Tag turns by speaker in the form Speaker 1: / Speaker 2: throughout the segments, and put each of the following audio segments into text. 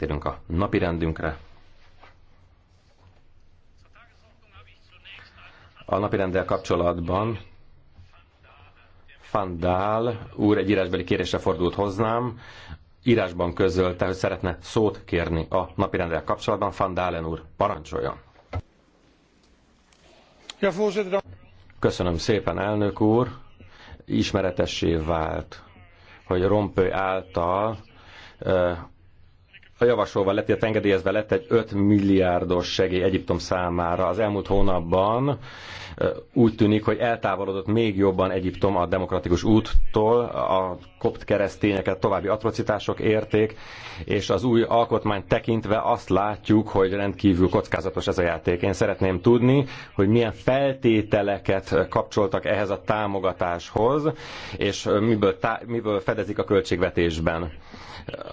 Speaker 1: áttérünk a napi rendünkre. A napi rendel kapcsolatban Fandál úr egy írásbeli kérésre fordult hozzám, írásban közölte, hogy szeretne szót kérni a rendel kapcsolatban. Fandálen úr, parancsoljon! Köszönöm szépen, elnök úr! Ismeretessé vált, hogy rompöy által javasolva lett, illetve engedélyezve lett egy 5 milliárdos segély Egyiptom számára. Az elmúlt hónapban úgy tűnik, hogy eltávolodott még jobban Egyiptom a demokratikus úttól, a kopt keresztényeket további atrocitások érték, és az új alkotmányt tekintve azt látjuk, hogy rendkívül kockázatos ez a játék. Én szeretném tudni, hogy milyen feltételeket kapcsoltak ehhez a támogatáshoz, és miből, tá- miből fedezik a költségvetésben.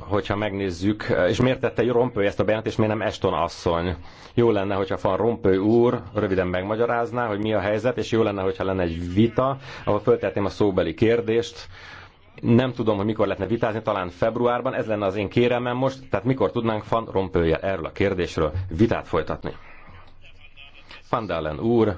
Speaker 1: Hogyha megnézzük, és és miért tette Rompöly ezt a bejelentést, miért nem Eston asszony? Jó lenne, hogyha Van Rompöly úr röviden megmagyarázná, hogy mi a helyzet, és jó lenne, hogyha lenne egy vita, ahol föltetném a szóbeli kérdést, nem tudom, hogy mikor lehetne vitázni, talán februárban, ez lenne az én kéremem most, tehát mikor tudnánk Van Rompője erről a kérdésről vitát folytatni. Fandalen úr,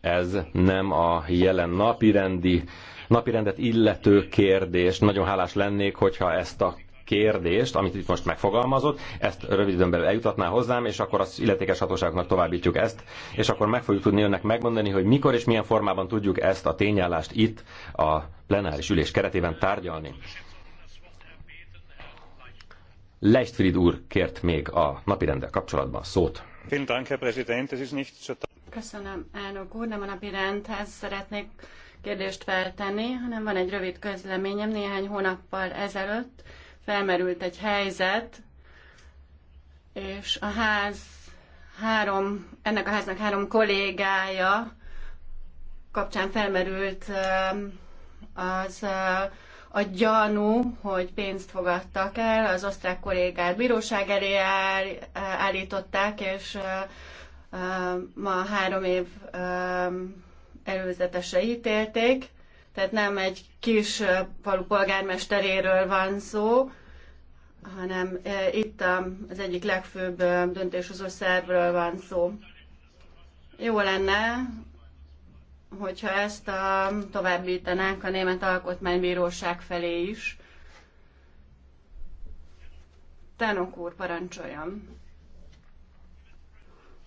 Speaker 1: ez nem a jelen napirendi, napirendet illető kérdés. Nagyon hálás lennék, hogyha ezt a kérdést, amit itt most megfogalmazott, ezt rövid időn belül eljutatná hozzám, és akkor az illetékes hatóságoknak továbbítjuk ezt, és akkor meg fogjuk tudni önnek megmondani, hogy mikor és milyen formában tudjuk ezt a tényállást itt a plenáris ülés keretében tárgyalni. Leistfried úr kért még a napirenddel kapcsolatban szót.
Speaker 2: Köszönöm, elnök úr, nem a napirendhez szeretnék kérdést feltenni, hanem van egy rövid közleményem néhány hónappal ezelőtt felmerült egy helyzet, és a ház három, ennek a háznak három kollégája kapcsán felmerült um, az uh, a gyanú, hogy pénzt fogadtak el, az osztrák kollégát bíróság elé uh, állították, és uh, ma három év um, előzetesre ítélték, tehát nem egy kis falu polgármesteréről van szó, hanem e, itt az egyik legfőbb e, döntéshozó szervről van szó. Jó lenne, hogyha ezt a, továbbítanánk a Német Alkotmánybíróság felé is. Tánok úr, parancsoljon!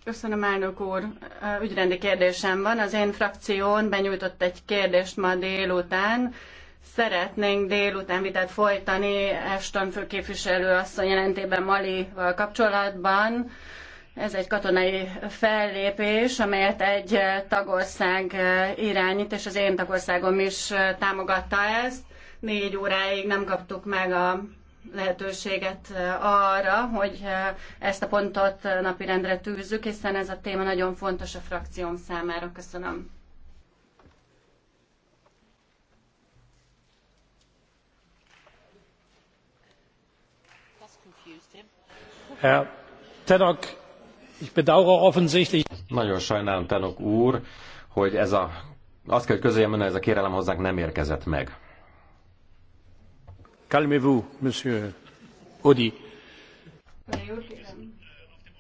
Speaker 2: Köszönöm, elnök úr. E, ügyrendi kérdésem van. Az én frakción benyújtott egy kérdést ma délután Szeretnénk délután vitát folytani Ashton főképviselő asszony jelentében Malival kapcsolatban. Ez egy katonai fellépés, amelyet egy tagország irányít, és az én tagországom is támogatta ezt. Négy óráig nem kaptuk meg a lehetőséget arra, hogy ezt a pontot napirendre tűzzük, hiszen ez a téma nagyon fontos a frakcióm számára. Köszönöm.
Speaker 1: Nagyon sajnálom, Tenok úr, hogy ez a, azt kell, hogy közöljem önne, ez a kérelem hozzánk nem érkezett meg. Calmez-vous, monsieur Audi.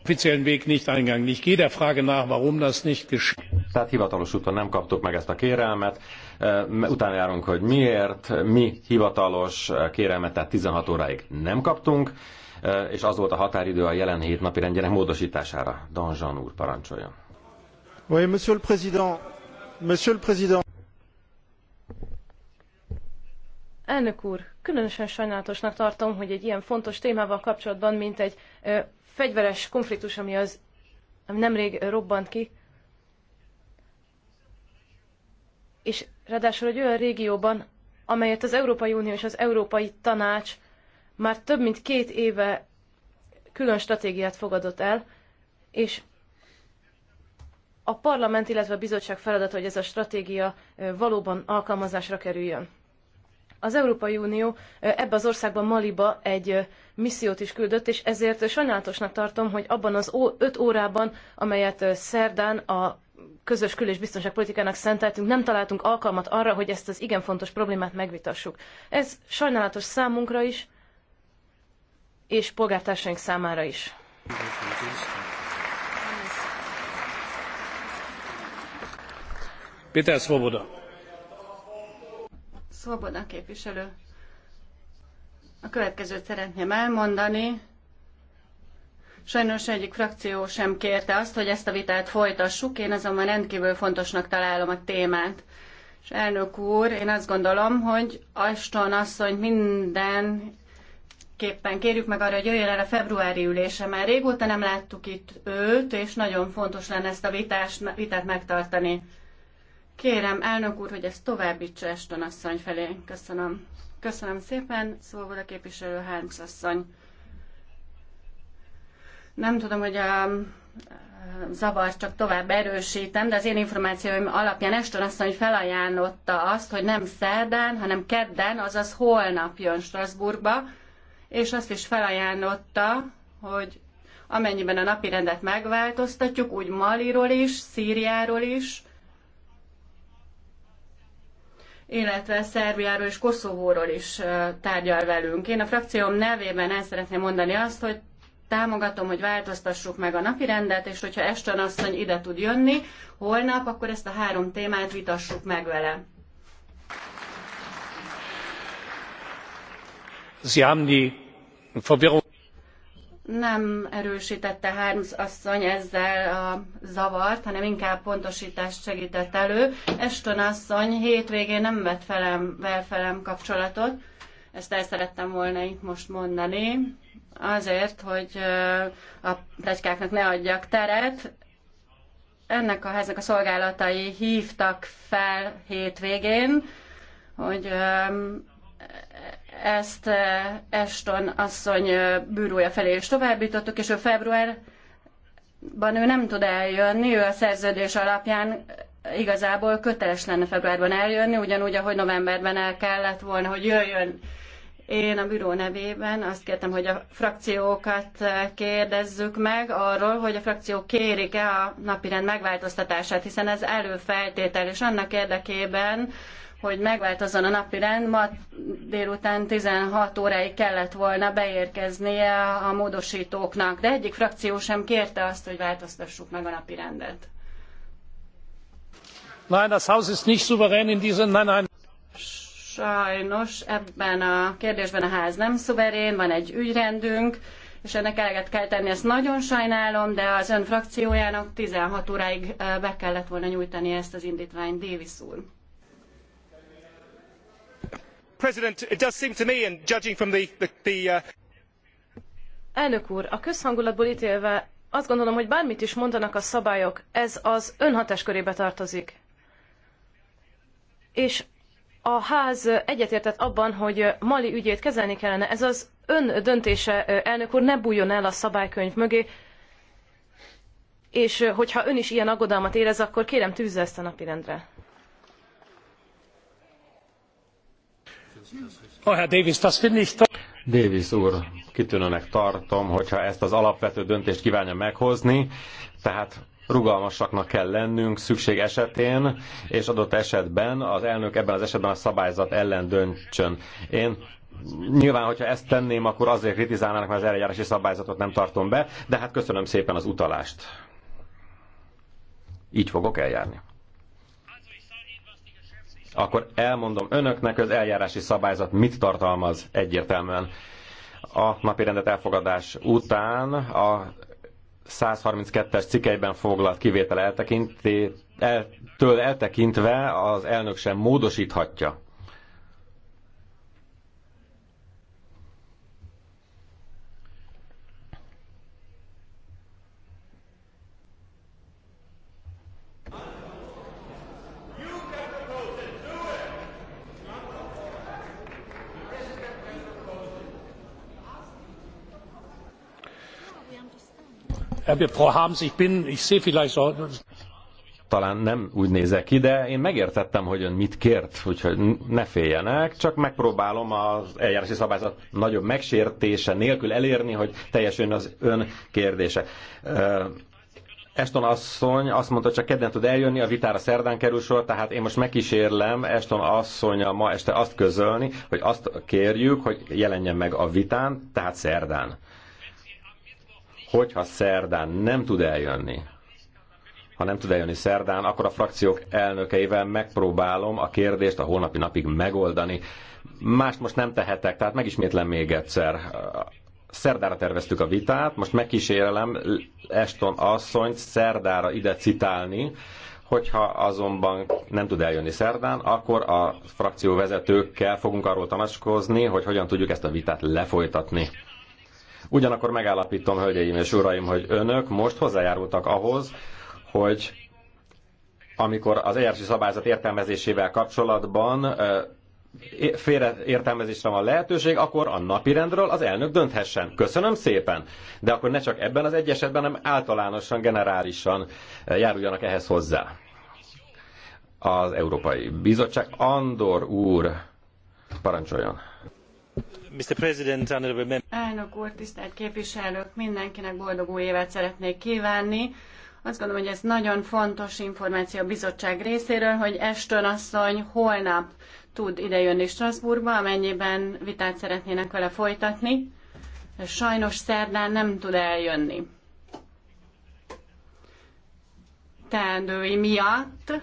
Speaker 1: Offiziellen Weg nicht eingegangen. Ich gehe der Frage nach, warum das nicht geschieht tehát hivatalos úton nem kaptuk meg ezt a kérelmet. Utána járunk, hogy miért. Mi hivatalos kérelmet, tehát 16 óráig nem kaptunk. Eh, és az volt a határidő a jelen hét napi rendjének módosítására. Jean úr, parancsoljon. Oui, monsieur le président. Monsieur le président.
Speaker 3: Elnök úr, különösen sajnálatosnak tartom, hogy egy ilyen fontos témával kapcsolatban, mint egy ö, fegyveres konfliktus, ami az ami nemrég robbant ki, és ráadásul egy olyan régióban, amelyet az Európai Unió és az Európai Tanács már több mint két éve külön stratégiát fogadott el, és a parlament, illetve a bizottság feladata, hogy ez a stratégia valóban alkalmazásra kerüljön. Az Európai Unió ebbe az országban, Maliba egy missziót is küldött, és ezért sajnálatosnak tartom, hogy abban az öt órában, amelyet szerdán a közös kül- és biztonságpolitikának szenteltünk, nem találtunk alkalmat arra, hogy ezt az igen fontos problémát megvitassuk. Ez sajnálatos számunkra is, és polgártársaink számára is. Péter Svoboda.
Speaker 2: Svoboda képviselő. A következőt szeretném elmondani. Sajnos egyik frakció sem kérte azt, hogy ezt a vitát folytassuk, én azonban rendkívül fontosnak találom a témát. És elnök úr, én azt gondolom, hogy Aston asszony minden mindenképpen kérjük meg arra, hogy jöjjön el a februári ülése. Már régóta nem láttuk itt őt, és nagyon fontos lenne ezt a vitást, vitát megtartani. Kérem, elnök úr, hogy ezt továbbítsa Eston asszony felé. Köszönöm. Köszönöm szépen, szóval a képviselő Hárms asszony. Nem tudom, hogy a zavar csak tovább erősítem, de az én információim alapján Eston asszony felajánlotta azt, hogy nem szerdán, hanem kedden, azaz holnap jön Strasbourgba, és azt is felajánlotta, hogy amennyiben a napi rendet megváltoztatjuk, úgy Maliról is, Szíriáról is, illetve Szerbiáról és Koszovóról is tárgyal velünk. Én a frakcióm nevében el szeretném mondani azt, hogy támogatom, hogy változtassuk meg a napi rendet, és hogyha Eston asszony ide tud jönni holnap, akkor ezt a három témát vitassuk meg vele. Nem erősítette Harms asszony ezzel a zavart, hanem inkább pontosítást segített elő. ashton asszony hétvégén nem vett fel velem kapcsolatot, ezt el szerettem volna itt most mondani, azért, hogy a pletykáknak ne adjak teret. Ennek a háznak a szolgálatai hívtak fel hétvégén, hogy ezt Eston eh, asszony eh, bűrója felé is továbbítottuk, és ő februárban ő nem tud eljönni, ő a szerződés alapján eh, igazából köteles lenne februárban eljönni, ugyanúgy, ahogy novemberben el kellett volna, hogy jöjjön. Én a büró nevében azt kértem, hogy a frakciókat kérdezzük meg arról, hogy a frakciók kérik-e a napirend megváltoztatását, hiszen ez előfeltétel, és annak érdekében, hogy megváltozzon a napirend. Ma délután 16 óráig kellett volna beérkeznie a módosítóknak, de egyik frakció sem kérte azt, hogy változtassuk meg a napirendet.
Speaker 3: Nein, das Haus ist nicht souverän in diesem... Nein, nein.
Speaker 2: Sajnos ebben a kérdésben a ház nem szuverén, van egy ügyrendünk, és ennek eleget kell tenni, ezt nagyon sajnálom, de az ön frakciójának 16 óráig be kellett volna nyújtani ezt az indítványt, Davis úr. Elnök
Speaker 3: úr, a közhangulatból télve azt gondolom, hogy bármit is mondanak a szabályok, ez az ön hatáskörébe tartozik. És a ház egyetértett abban, hogy Mali ügyét kezelni kellene. Ez az ön döntése, elnök úr, ne bújjon el a szabálykönyv mögé, és hogyha ön is ilyen aggodalmat érez, akkor kérem tűzze ezt a napirendre.
Speaker 1: Oh, Davis úr, kitűnőnek tartom, hogyha ezt az alapvető döntést kívánja meghozni, tehát rugalmasaknak kell lennünk szükség esetén, és adott esetben az elnök ebben az esetben a szabályzat ellen döntsön. Én nyilván, hogyha ezt tenném, akkor azért kritizálnának, mert az eljárási szabályzatot nem tartom be, de hát köszönöm szépen az utalást. Így fogok eljárni akkor elmondom önöknek, az eljárási szabályzat mit tartalmaz egyértelműen. A napirendet elfogadás után a 132-es cikkeiben foglalt kivétel eltekintve az elnök sem módosíthatja Äh, Talán nem úgy nézek ki, de én megértettem, hogy ön mit kért, úgyhogy ne féljenek, csak megpróbálom az eljárási szabályzat nagyobb megsértése nélkül elérni, hogy teljesüljön az ön kérdése. Eston asszony azt mondta, csak kedden tud eljönni, a vitára szerdán kerül sor, tehát én most megkísérlem Eston asszonya ma este azt közölni, hogy azt kérjük, hogy jelenjen meg a vitán, tehát szerdán hogyha szerdán nem tud eljönni, ha nem tud eljönni szerdán, akkor a frakciók elnökeivel megpróbálom a kérdést a holnapi napig megoldani. Mást most nem tehetek, tehát megismétlem még egyszer. Szerdára terveztük a vitát, most megkísérelem Eston asszonyt szerdára ide citálni, hogyha azonban nem tud eljönni szerdán, akkor a frakcióvezetőkkel fogunk arról tanácskozni, hogy hogyan tudjuk ezt a vitát lefolytatni. Ugyanakkor megállapítom, hölgyeim és uraim, hogy önök most hozzájárultak ahhoz, hogy amikor az eljárási szabályzat értelmezésével kapcsolatban félre értelmezésre van lehetőség, akkor a napirendről az elnök dönthessen. Köszönöm szépen! De akkor ne csak ebben az egy esetben, hanem általánosan, generálisan járuljanak ehhez hozzá. Az Európai Bizottság Andor úr parancsoljon!
Speaker 2: Elnök úr, tisztelt képviselők, mindenkinek boldog új évet szeretnék kívánni. Azt gondolom, hogy ez nagyon fontos információ a bizottság részéről, hogy ashton asszony holnap tud idejönni Strasbourgba, amennyiben vitát szeretnének vele folytatni. Sajnos szerdán nem tud eljönni. Teendői miatt,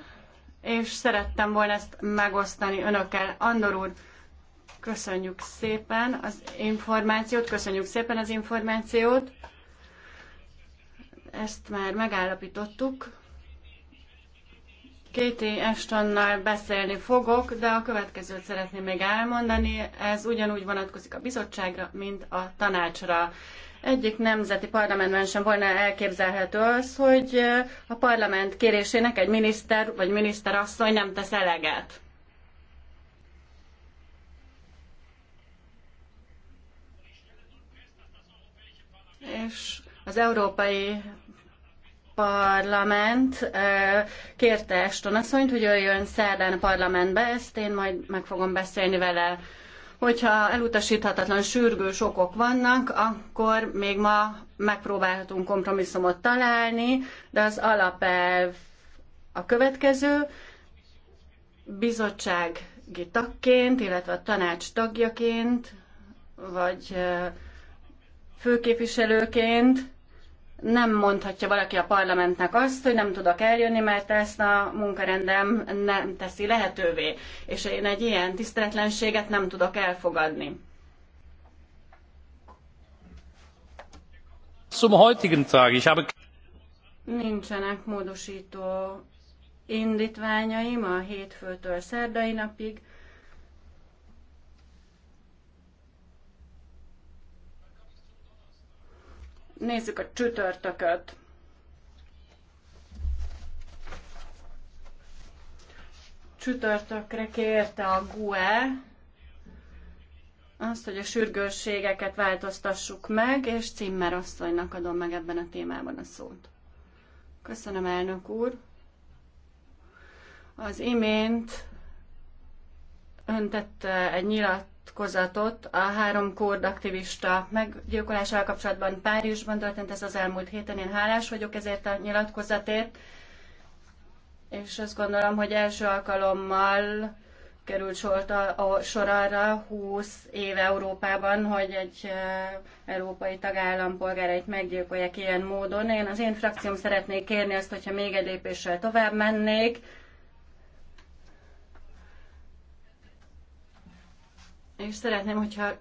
Speaker 2: és szerettem volna ezt megosztani önökkel. Andor úr, Köszönjük szépen az információt, köszönjük szépen az információt. Ezt már megállapítottuk. Kéti Estonnal beszélni fogok, de a következőt szeretném még elmondani. Ez ugyanúgy vonatkozik a bizottságra, mint a tanácsra. Egyik nemzeti parlamentben sem volna elképzelhető az, hogy a parlament kérésének egy miniszter vagy miniszterasszony nem tesz eleget és az Európai Parlament kérte Eston asszonyt, hogy jöjjön szerdán a parlamentbe, ezt én majd meg fogom beszélni vele. Hogyha elutasíthatatlan sürgős okok vannak, akkor még ma megpróbálhatunk kompromisszumot találni, de az alapelv a következő. Bizottsági tagként, illetve a tanács tagjaként, vagy főképviselőként nem mondhatja valaki a parlamentnek azt, hogy nem tudok eljönni, mert ezt a munkarendem nem teszi lehetővé, és én egy ilyen tiszteletlenséget nem tudok elfogadni.
Speaker 1: Zum heutigen Tag. Ich habe
Speaker 2: Nincsenek módosító indítványaim a hétfőtől szerdai napig. Nézzük a csütörtököt. Csütörtökre kérte a GUE azt, hogy a sürgősségeket változtassuk meg, és Cimmer asszonynak adom meg ebben a témában a szót. Köszönöm, elnök úr. Az imént öntette egy nyilat nyilatkozatot a három aktivista meggyilkolásával kapcsolatban Párizsban történt ez az elmúlt héten. Én hálás vagyok ezért a nyilatkozatért, és azt gondolom, hogy első alkalommal került sort a, a sor arra 20 éve Európában, hogy egy eh, európai tagállam polgárait meggyilkolják ilyen módon. Én az én frakcióm szeretnék kérni azt, hogyha még egy lépéssel tovább mennék, és szeretném, hogyha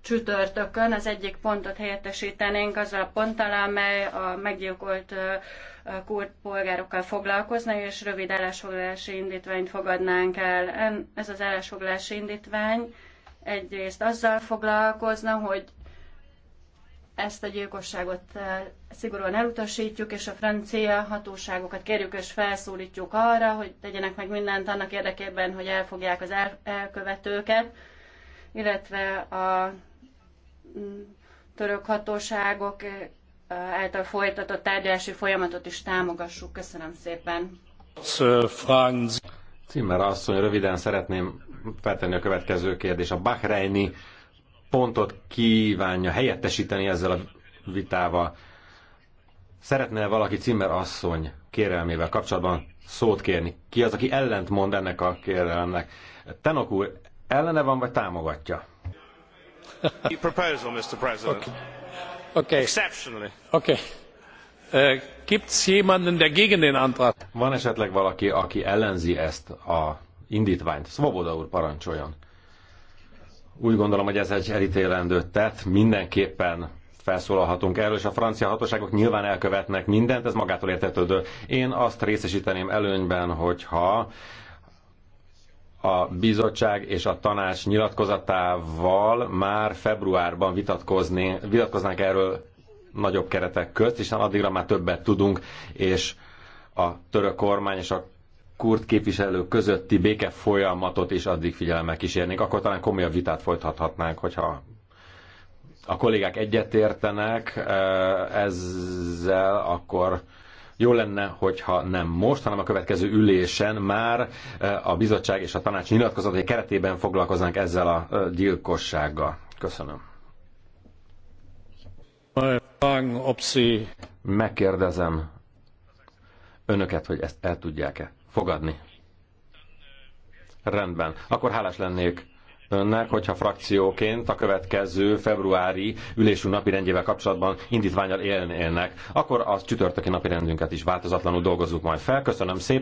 Speaker 2: csütörtökön az egyik pontot helyettesítenénk azzal a ponttal, amely a meggyilkolt kurd polgárokkal foglalkozna, és rövid állásfoglalási indítványt fogadnánk el. Ez az állásfoglalási indítvány egyrészt azzal foglalkozna, hogy ezt a gyilkosságot eh, szigorúan elutasítjuk, és a francia hatóságokat kérjük és felszólítjuk arra, hogy tegyenek meg mindent annak érdekében, hogy elfogják az elkövetőket, illetve a mm, török hatóságok eh, által folytatott tárgyalási folyamatot is támogassuk. Köszönöm szépen.
Speaker 1: Cimmer asszony, röviden szeretném feltenni a következő kérdést. A Bahreini pontot kívánja helyettesíteni ezzel a vitával. Szeretne -e valaki Cimmer asszony kérelmével kapcsolatban szót kérni? Ki az, aki ellent mond ennek a kérelemnek? Tenok úr, ellene van, vagy támogatja? proposal, Mr. President. Okay. Exceptionally. Okay. Äh, gibt's jemanden, der gegen den Antrag? Van esetleg valaki, aki ellenzi ezt a indítványt? Svoboda úr, parancsoljon. Úgy gondolom, hogy ez egy elítélendő tett, mindenképpen felszólalhatunk erről, és a francia hatóságok nyilván elkövetnek mindent, ez magától értetődő. Én azt részesíteném előnyben, hogyha a bizottság és a tanács nyilatkozatával már februárban vitatkozni, vitatkoznánk erről nagyobb keretek közt, hiszen addigra már többet tudunk, és a török kormány és a kurd képviselők közötti béke folyamatot is addig figyelemmel kísérnénk, akkor talán komolyabb vitát folytathatnánk, hogyha a kollégák egyetértenek eh, ezzel, akkor jó lenne, hogyha nem most, hanem a következő ülésen már eh, a bizottság és a tanács nyilatkozatai keretében foglalkoznánk ezzel a eh, gyilkossággal. Köszönöm. Megkérdezem önöket, hogy ezt el tudják-e fogadni. Rendben. Akkor hálás lennék önnek, hogyha frakcióként a következő februári ülésünk rendjével kapcsolatban indítványal élnének. Akkor az csütörtöki rendünket is változatlanul dolgozzuk majd fel.
Speaker 3: Köszönöm szépen.